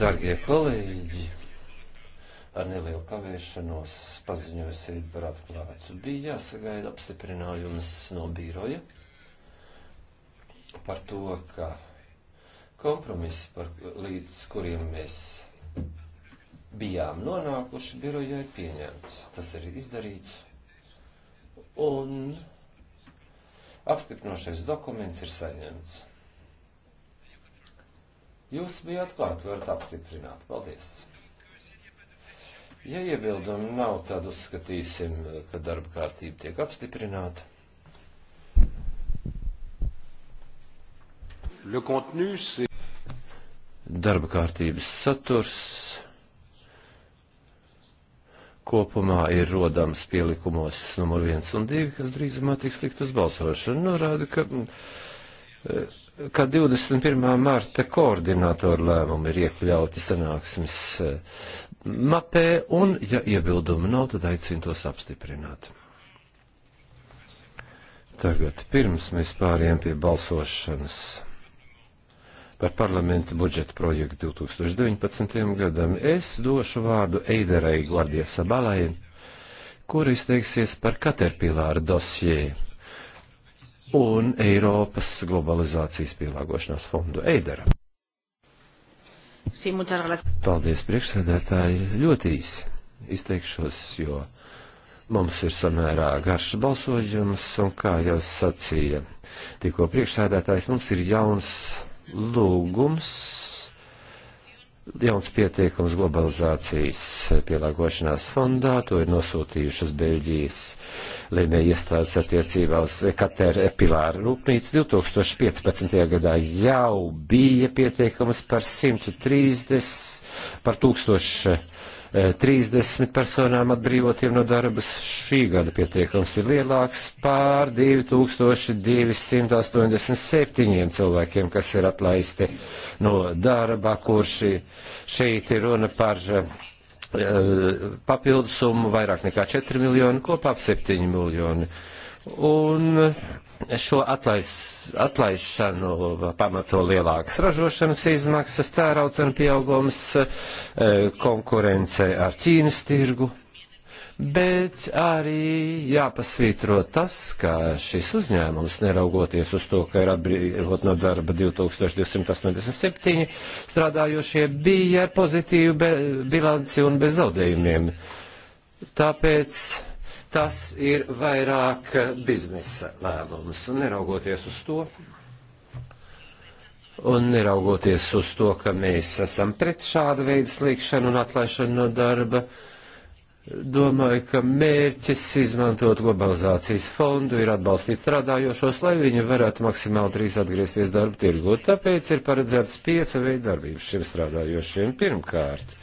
Darbie kolēģi, ar nelielu kavēšanos paziņoju sēdi par atklātu. Bija jāsagaida apstiprinājums no biroja par to, ka kompromisi, par, līdz kuriem mēs bijām nonākuši, birojai pieņemts. Tas ir izdarīts. Un apstiprinošais dokuments ir saņemts. Jūs bijat klāt, varat apstiprināt. Paldies! Ja iebildumi nav, tad uzskatīsim, ka darba kārtība tiek apstiprināta. Darba kārtības saturs kopumā ir rodams pielikumos numur 1 un 2, kas drīzumā tiks likt uz balsošanu. Norāda, ka ka 21. marta koordinātoru lēmumi ir iekļauti sanāksmes eh, mapē, un, ja iebildumi nav, tad aicinu tos apstiprināt. Tagad, pirms mēs pāriem pie balsošanas par parlamenta budžeta projektu 2019. gadam, es došu vārdu Eiderai Gvardiesabalai, kur izteiksies par Katerpilāra dosieju un Eiropas globalizācijas pielāgošanās fondu Eidera. Paldies, priekšsēdētāji. Ļoti īsi izteikšos, jo mums ir samērā garš balsojums, un kā jau sacīja tikko priekšsēdētājs, mums ir jauns lūgums jauns pieteikums globalizācijas pielāgošanās fondā, to ir nosūtījušas Beļģijas lēmē iestādes attiecībā uz Katēra Epilāra rūpnīcu. 2015. gadā jau bija pieteikums par 130, par 1000 30 personām atbrīvotiem no darbas. Šī gada pietiekums ir lielāks pār 2287 cilvēkiem, kas ir atlaisti no darba, kur šī, šeit ir runa par e, papildus summu vairāk nekā 4 miljoni, kopā ap 7 miljoni. Uh, un šo atlais, atlaišanu pamato lielākas ražošanas izmaksas, tēraucena pieaugums, e, konkurence ar Ķīnas tirgu. Bet arī jāpasvītro tas, ka šis uzņēmums, neraugoties uz to, ka ir atbrīvot no darba 2287 strādājošie, bija ar pozitīvu bilanci un bez zaudējumiem. Tāpēc Tas ir vairāk biznesa lēmums. Un neraugoties uz to, un neraugoties uz to, ka mēs esam pret šādu veidu slīkšanu un atlaišanu no darba, domāju, ka mērķis izmantot globalizācijas fondu ir atbalstīt strādājošos, lai viņi varētu maksimāli drīz atgriezties darba tirgu. Tāpēc ir paredzētas pieca veida darbības šiem strādājošiem. Pirmkārt,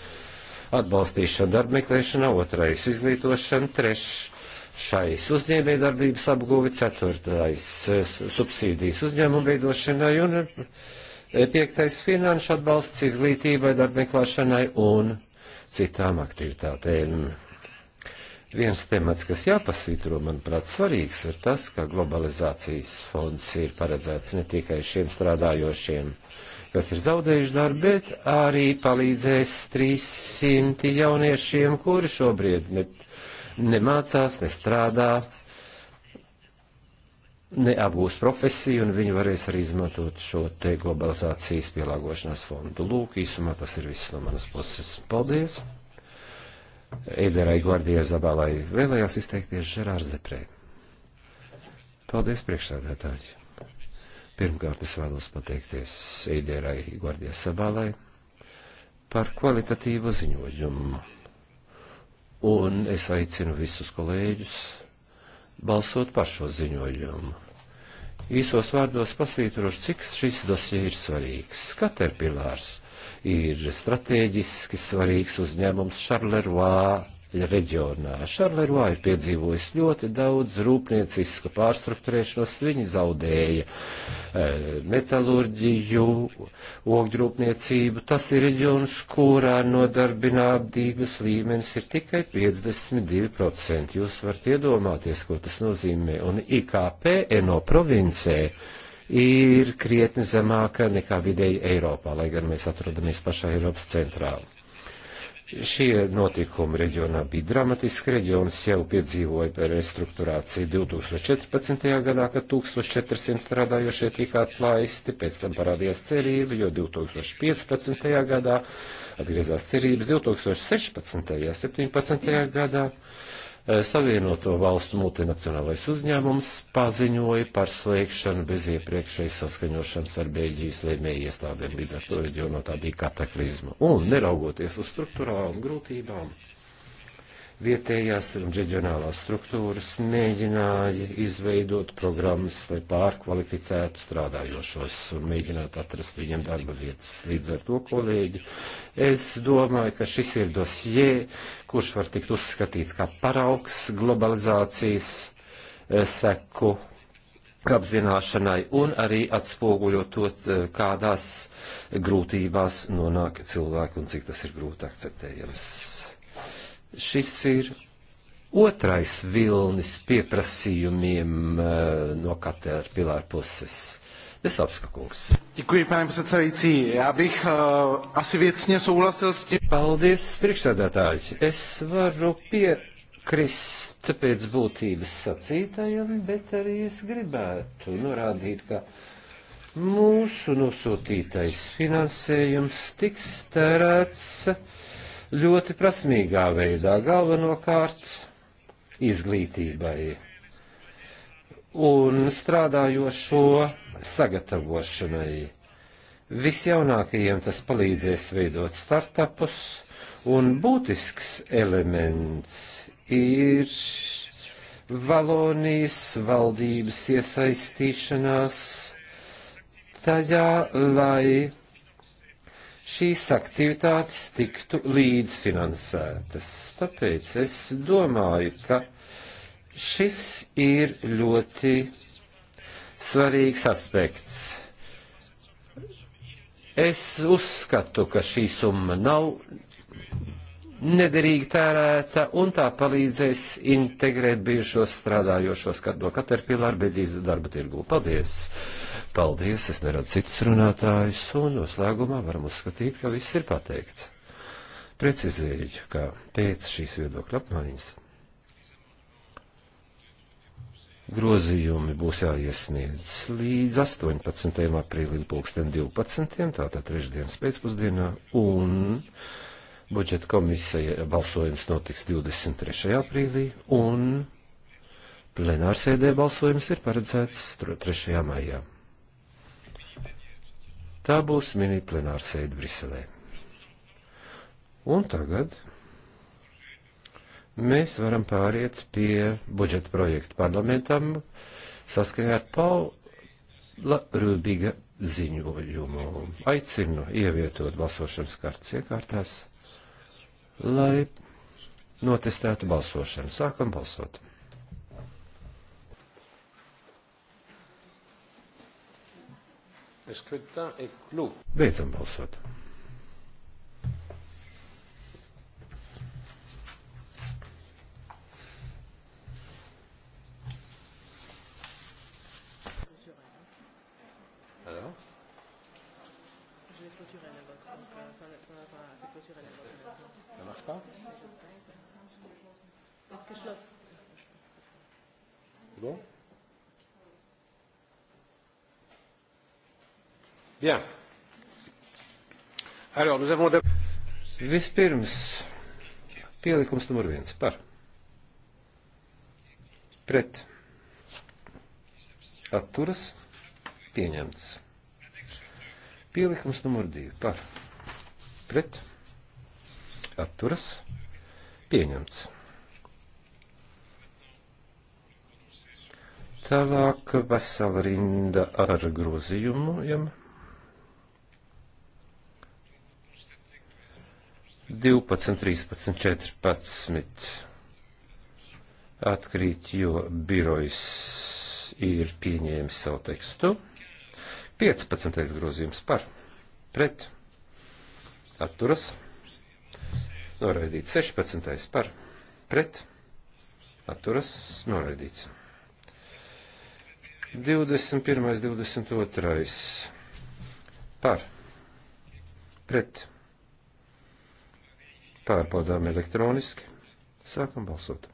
atbalstīšana darba meklēšanā, otrais izglītošana, trešais šais uzņēmējdarbības apguvi, ceturtais eh, subsīdijas uzņēmumu veidošanai un eh, piektais finanšu atbalsts izglītībai, darbmeklēšanai un citām aktivitātēm. Viens temats, kas jāpasvītro, manuprāt, svarīgs, ir tas, ka globalizācijas fonds ir paredzēts ne tikai šiem strādājošiem, kas ir zaudējuši darbu, bet arī palīdzēs 300 jauniešiem, kuri šobrīd ne, nemācās, nestrādā, neapgūs profesiju, un viņi varēs arī izmantot šo te globalizācijas pielāgošanās fondu. Lūk, īsumā tas ir viss no manas puses. Paldies! Ederai Gvardijai Zabalai vēlējās izteikties Žerārs Deprē. Paldies, priekšsādātāji! Pirmkārt, es vēlos pateikties Ederai Gvardijai Zabalai par kvalitatīvu ziņojumu un es aicinu visus kolēģus balsot par šo ziņojumu. Īsos vārdos pasvītrošu, cik šis dosie ir svarīgs. Skaterpilārs ir strateģiski svarīgs uzņēmums Šarlervā reģionā. Šarlervā ir piedzīvojis ļoti daudz rūpniecisku pārstruktūrēšanos, viņi zaudēja e, metalurģiju, ogļrūpniecību. Tas ir reģions, kurā nodarbinātības līmenis ir tikai 52%. Jūs varat iedomāties, ko tas nozīmē. Un IKP NO provincē ir krietni zemāka nekā vidēji Eiropā, lai gan mēs atrodamies pašā Eiropas centrā. Šie notikumi reģionā bija dramatiski. Reģions jau piedzīvoja restruktūrāciju 2014. gadā, kad 1400 strādājošie tika atlaisti, pēc tam parādījās cerība, jo 2015. gadā atgriezās cerības 2016. un 2017. gadā Eh, Savienoto valstu multinacionālais uzņēmums paziņoja par slēgšanu bez iepriekšējas saskaņošanas ar Bēļģijas lēmēju iestādēm līdz ar to reģionā tādī kataklizma. Un neraugoties uz struktūrālām grūtībām, vietējās un reģionālās struktūras mēģināja izveidot programmas, lai pārkvalificētu strādājošos un mēģinātu atrast viņiem darba vietas. Līdz ar to, kolēģi, es domāju, ka šis ir dosjē, kurš var tikt uzskatīts kā paraugs globalizācijas eh, seku apzināšanai un arī atspoguļo to, eh, kādās grūtībās nonāk cilvēki un cik tas ir grūti akceptējams. Šis ir otrais vilnis pieprasījumiem eh, no Caterpillar puses. Desovska kungs. Děkuji, pane předsedající. Já bych uh, asi věcně souhlasil s tím. Paldies, priekšsēdētāji. Es varu piekrist pēc būtības sacītajam, bet arī es gribētu norādīt, ka mūsu nosūtītais finansējums tiks tērēts uh, ļoti prasmīgā veidā, galvenokārt izglītībai un strādājošo sagatavošanai. Visjaunākajiem tas palīdzēs veidot startupus, un būtisks elements ir Valonijas valdības iesaistīšanās tajā, lai šīs aktivitātes tiktu līdzfinansētas. Tāpēc es domāju, ka šis ir ļoti svarīgs aspekts. Es uzskatu, ka šī summa nav nederīgi tērēta un tā palīdzēs integrēt bijušos strādājošos no Caterpillar bedīs darba tirgū. Paldies! Paldies! Es neradu citus runātājus un noslēgumā varam uzskatīt, ka viss ir pateikts. Precizēju, ka pēc šīs viedokļa apmaiņas grozījumi būs jāiesniedz līdz 18. aprīlim pulksten 12. tātad trešdienas pēcpusdienā un Budžeta komisija balsojums notiks 23. aprīlī un plenārsēdē balsojums ir paredzēts 3. maijā. Tā būs mini plenārsēde Briselē. Un tagad mēs varam pāriet pie budžeta projekta parlamentam saskaņā ar Paula Rūbiga ziņojumu. Aicinu ievietot balsošanas kartes iekārtās. Ja lai notestētu balsošanu. Sākam balsot. Beidzam balsot. Bien. Alors, nous avons... Vispirms pielikums numur viens par. Pret. Atturas. Pieņemts. Pielikums numur divi par. Pret. Atturas. Pieņemts. Tālāk vesela rinda ar grozījumiem. 12, 13, 14 atkrīt, jo birojs ir pieņēmis savu tekstu. 15. grozījums par pret atturas. Noraidīts 16. par pret atturas. Noraidīts. 21. 22. par pret atturas Pārbaudām elektroniski. Sākam balsot.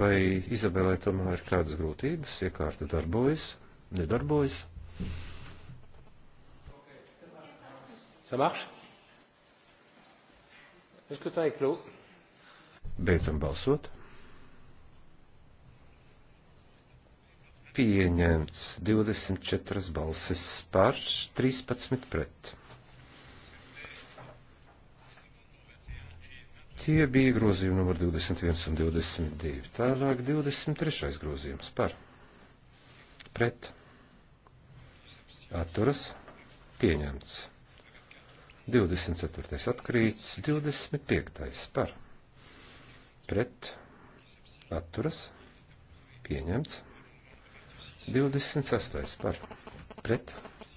Vai Izabelē tomēr ir kādas grūtības? Iekārta darbojas, nedarbojas. Ça marche? Est-ce que tu as éclos? Beidzam balsot. pieņemts 24 balsis par, 13 pret. Tie bija grozījumi numur 21 un 22. Tālāk 23. grozījums par, pret, atturas, pieņemts. 24. atkrīts, 25. par, pret, atturas, pieņemts. 26. par pret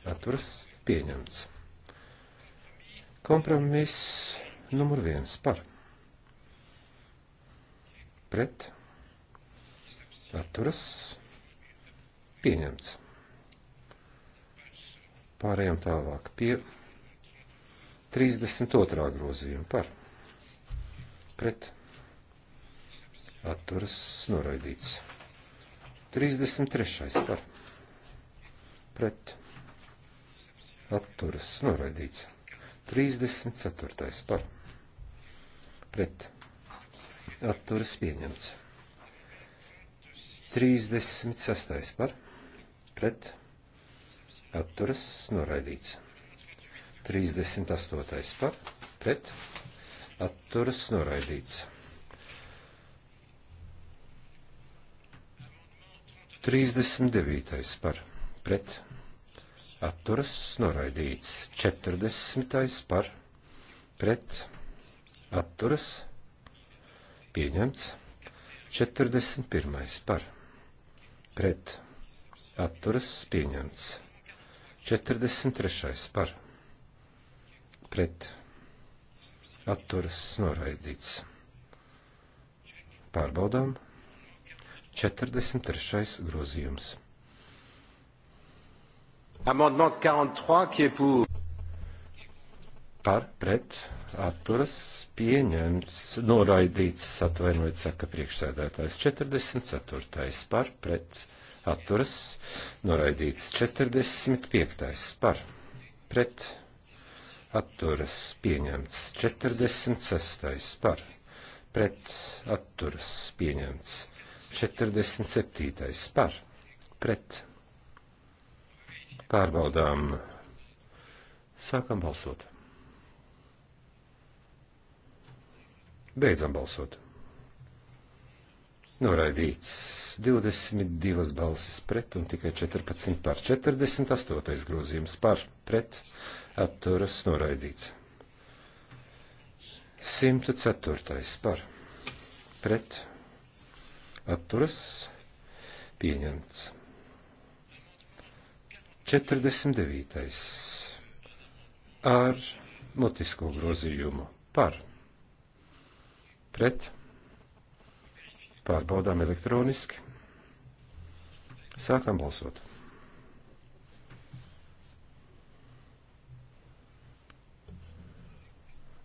atturas pieņemts. Kompromiss numur 1 par pret atturas pieņemts. Pārējām tālāk pie 32. grozījuma par pret atturas noraidīts. 33. par pret atturas noraidīts. 34. par pret atturas pieņemts. 36. par pret atturas noraidīts. 38. par pret atturas noraidīts. 39. par pret atturas noraidīts. 40. par pret atturas pieņemts. 41. par pret atturas pieņemts. 43. par pret atturas noraidīts. Pārbaudām. 43. grozījums. Amendment 43, qui est pour par pret atturas pieņemts, noraidīts, atvainojiet, saka priekšsēdētājs 44. par pret atturas, noraidīts 45. par pret atturas, pieņemts 46. par pret atturas, pieņemts 47. par pret. Pārbaudām. Sākam balsot. Beidzam balsot. Noraidīts 22 balsis pret un tikai 14 par 48 grozījums par pret atturas noraidīts. 104 par pret atturas pieņemts. 49. ar mutisko grozījumu par pret pārbaudām elektroniski. Sākam balsot.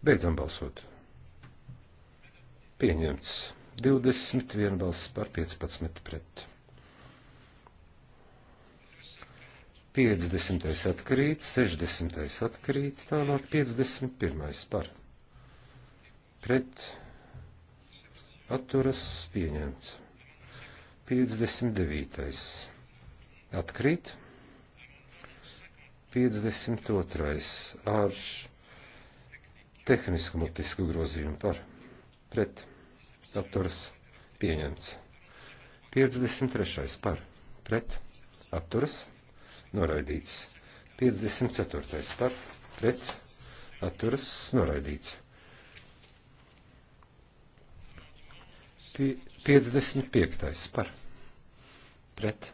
Beidzam balsot. Pieņemts. 21 balss par 15 pret. 50. atkrīt, 60. atkrīt, tālāk 51. par. Pret atturas pieņemts. 59. atkrīt. 52. ar tehnisku mutisku grozījumu par. Pret apturas pieņemts. 53. par pret apturas noraidīts. 54. par pret atturas noraidīts. P 55. par pret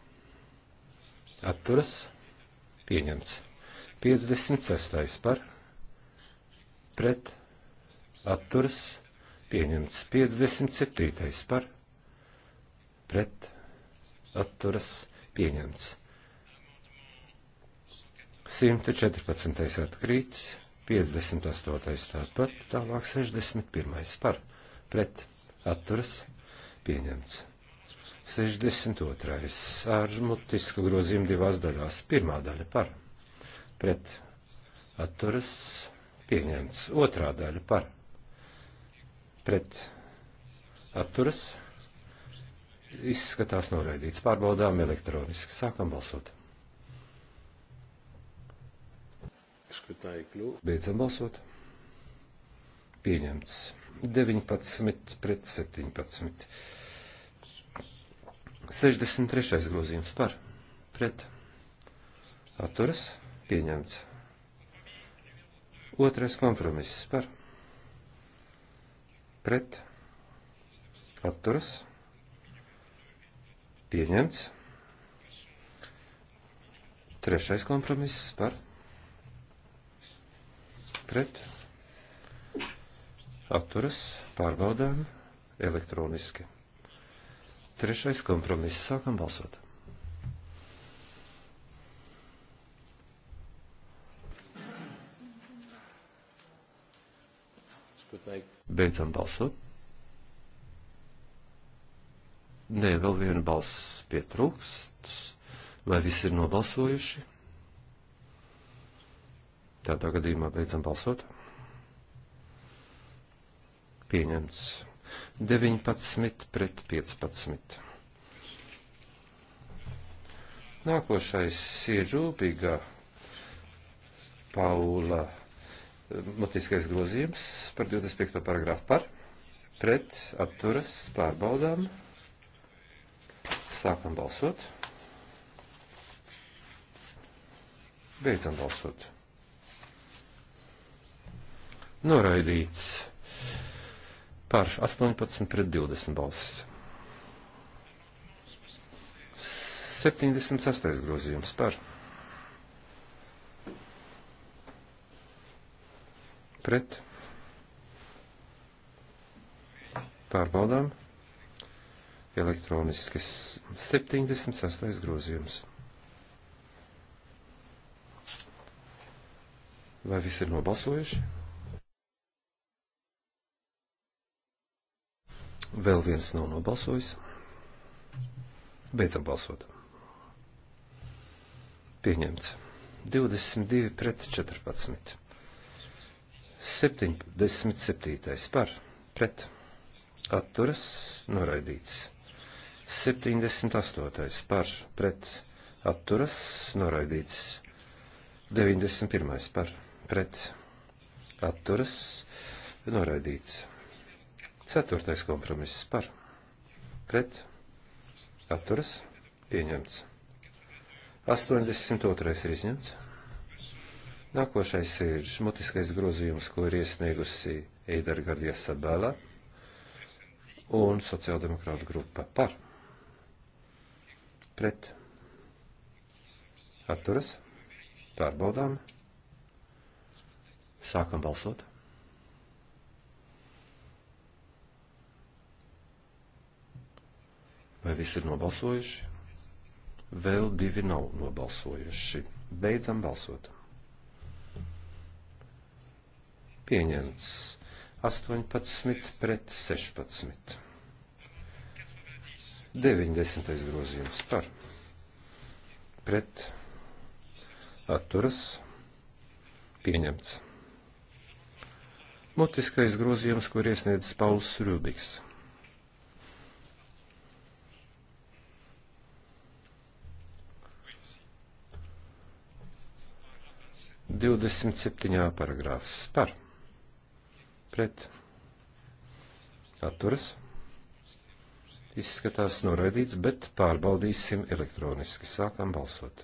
atturas pieņemts. 56. par pret atturas noraidīts pieņemts 57. par pret atturas pieņemts. 114. atkrīts, 58. tāpat, tālāk 61. par pret atturas pieņemts. 62. ar mutisku grozījumu divās daļās. Pirmā daļa par pret atturas pieņemts. Otrā daļa par pret atturas izskatās noraidīts. Pārbaudām elektroniski. Sākam balsot. Beidzam balsot. Pieņemts. 19 pret 17. 63. grozījums par pret atturas pieņemts. Otrais kompromiss par pret pret atturas pieņemts. Trešais kompromiss par pret atturas pārbaudām elektroniski. Trešais kompromiss. Sākam balsot. Beidzam balsot. Nē, vēl viena balss pietrūkst. Vai visi ir nobalsojuši? Tādā gadījumā beidzam balsot. Pieņemts 19 pret 15. Nākošais ir rūpīga Paula Mutiskais grozījums par 25. paragrāfu par pret atturas pārbaudām. Sākam balsot. Beidzam balsot. Noraidīts par 18 pret 20 balsis. 76. grozījums par pret pārbaudām elektroniskas 76. grozījums. Vai visi ir nobalsojuši? Vēl viens nav nobalsojis. Beidzam balsot. Pieņemts. 22 pret 14. 77. par pret atturas noraidīts. 78. par pret atturas noraidīts. 91. par pret atturas noraidīts. 4. kompromiss par pret atturas pieņemts. 82. ir izņemts. Nākošais ir mutiskais grozījums, ko ir iesniegusi Eidara Gardies Sabela un sociāldemokrāta grupa par. Pret. Atturas. Pārbaudām. Sākam balsot. Vai visi ir nobalsojuši? Vēl divi nav nobalsojuši. Beidzam balsot. pieņemts 18 pret 16. 90. grozījums par pret atturas pieņemts. Mutiskais grozījums, kur iesniedz Pauls Rūbiks. Divdesmit septiņā paragrāfs par pret atturas. Izskatās noraidīts, bet pārbaudīsim elektroniski. Sākam balsot.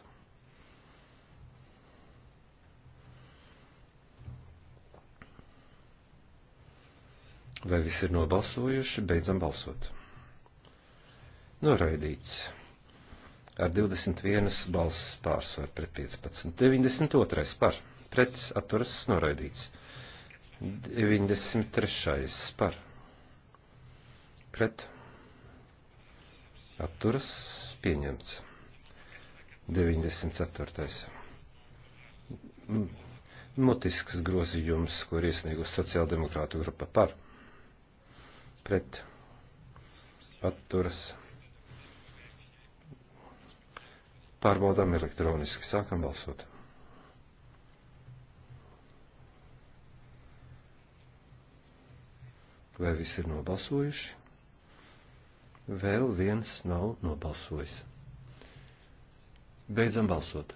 Vai visi ir nobalsojuši? Beidzam balsot. Noraidīts. Ar 21 balss pārsvaru pret 15. 92. par. Pret atturas noraidīts. 93. par pret atturas pieņemts. 94. Mutisks grozījums, ko ir iesniegusi sociāldemokrātu grupa par pret atturas. Pārbaudām elektroniski, sākam balsot. Vai visi ir nobalsojuši? Vēl viens nav nobalsojis. Beidzam balsot.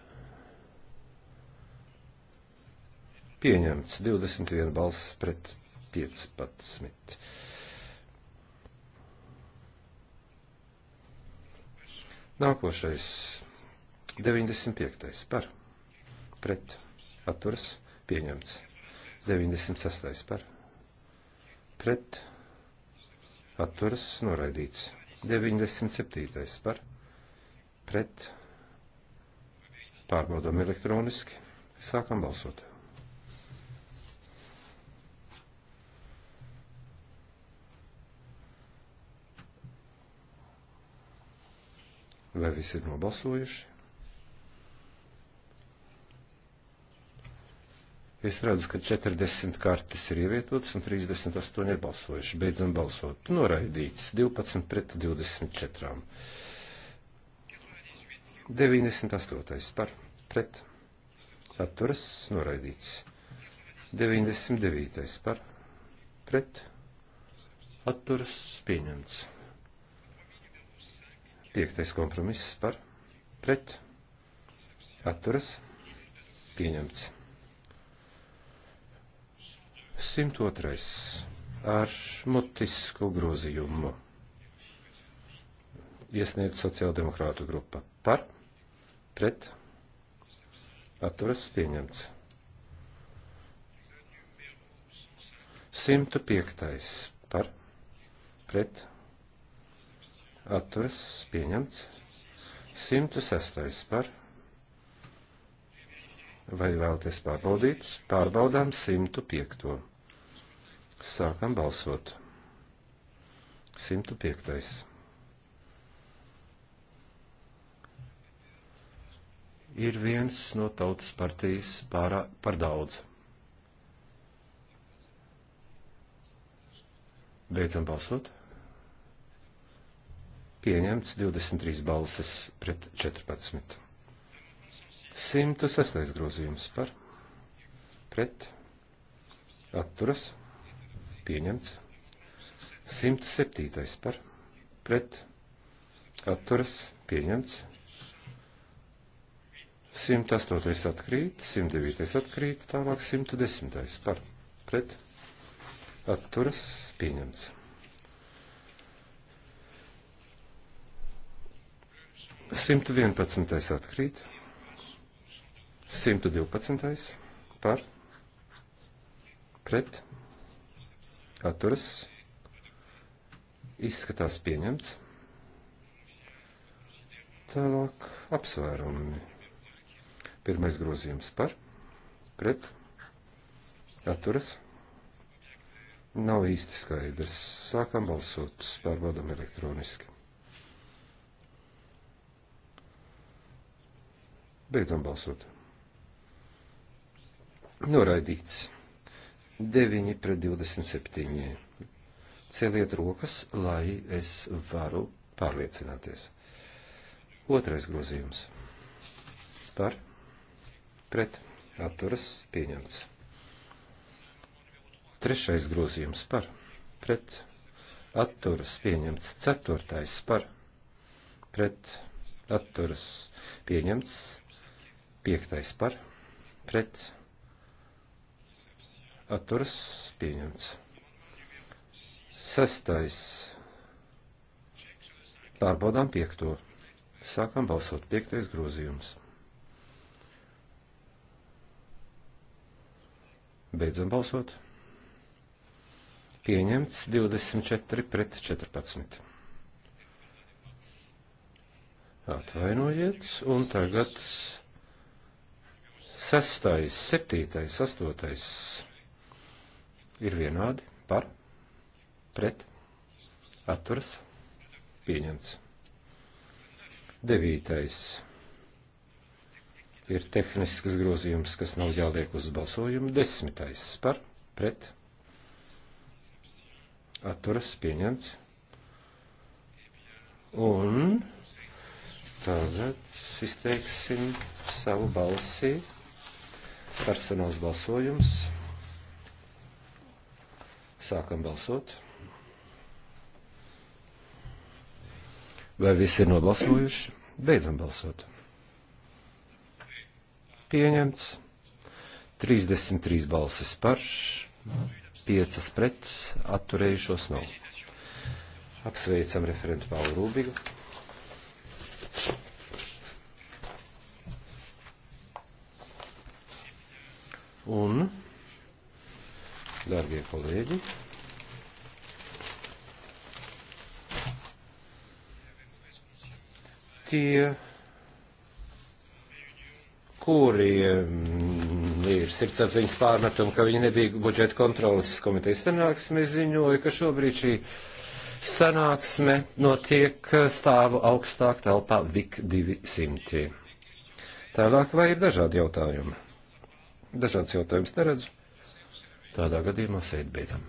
Pieņemts 21 balss pret 15. Nākošais 95. par pret atturas pieņemts 96. par pret atturas noraidīts. 97. par pret pārbaudām elektroniski. Sākam balsot. Vai visi ir nobalsojuši? Es redzu, ka 40 kartes ir ievietotas un 38 ir balsojuši. Beidzam balsot. Noraidīts 12 pret 24. 98. par pret. Atturas noraidīts. 99. par pret. Atturas pieņemts. 5. kompromiss par pret. Atturas pieņemts. 102. ar mutisku grozījumu iesniedz sociāldemokrātu grupa par, pret, atturas pieņemts. 105. par, pret, atturas pieņemts. 106. par, pret Vai vēlaties pārbaudīt? Pārbaudām 105. Sākam balsot. 105. Ir viens no tautas partijas pārā, par daudz. Beidzam balsot. Pieņemts 23 balses pret 14. 106. grozījums par pret atturas pieņemts. 107. par pret atturas pieņemts. 108. atkrīt, 109. atkrīt, tālāk 110. par pret atturas pieņemts. 111. atkrīt. 112. par pret atturas izskatās pieņemts. Tālāk apsvērumi. Pirmais grozījums par pret atturas nav īsti skaidrs. Sākam balsot, pārbaudam elektroniski. Beidzam balsot. Noraidīts. 9 pret 27. Celiet rokas, lai es varu pārliecināties. Otrais grozījums. Par, pret, atturas, pieņemts. Trešais grozījums par, pret, atturas, pieņemts. Ceturtais par, pret, atturas, pieņemts. Piektais par, pret, atturas pieņemts. Sestais. Pārbaudām piekto. Sākam balsot piektais grozījums. Beidzam balsot. Pieņemts 24 pret 14. Atvainojiet, un tagad sestais, septītais, astotais ir vienādi par, pret, atturas, pieņemts. Devītais ir tehnisks grozījums, kas nav jāliek uz balsojumu. Desmitais par, pret, atturas, pieņemts. Un tagad izteiksim savu balsi personāls balsojums. Sākam balsot. Vai visi ir nobalsojuši? Beidzam balsot. Pieņemts. 33 balsis par, 5 pret, atturējušos nav. Apsveicam referentu Paulu Rūbigu. Un Darbie kolēģi, tie, kuriem mm, ir sirdsapziņas pārmetumi, ka viņi nebija budžeta kontrolas komitejas sanāksmē, ziņoja, ka šobrīd šī sanāksme notiek stāvu augstāk telpā VIK 200. Tālāk vai ir dažādi jautājumi? Dažāds jautājums neredzu. Tādā gadījumā sēdi beidzam.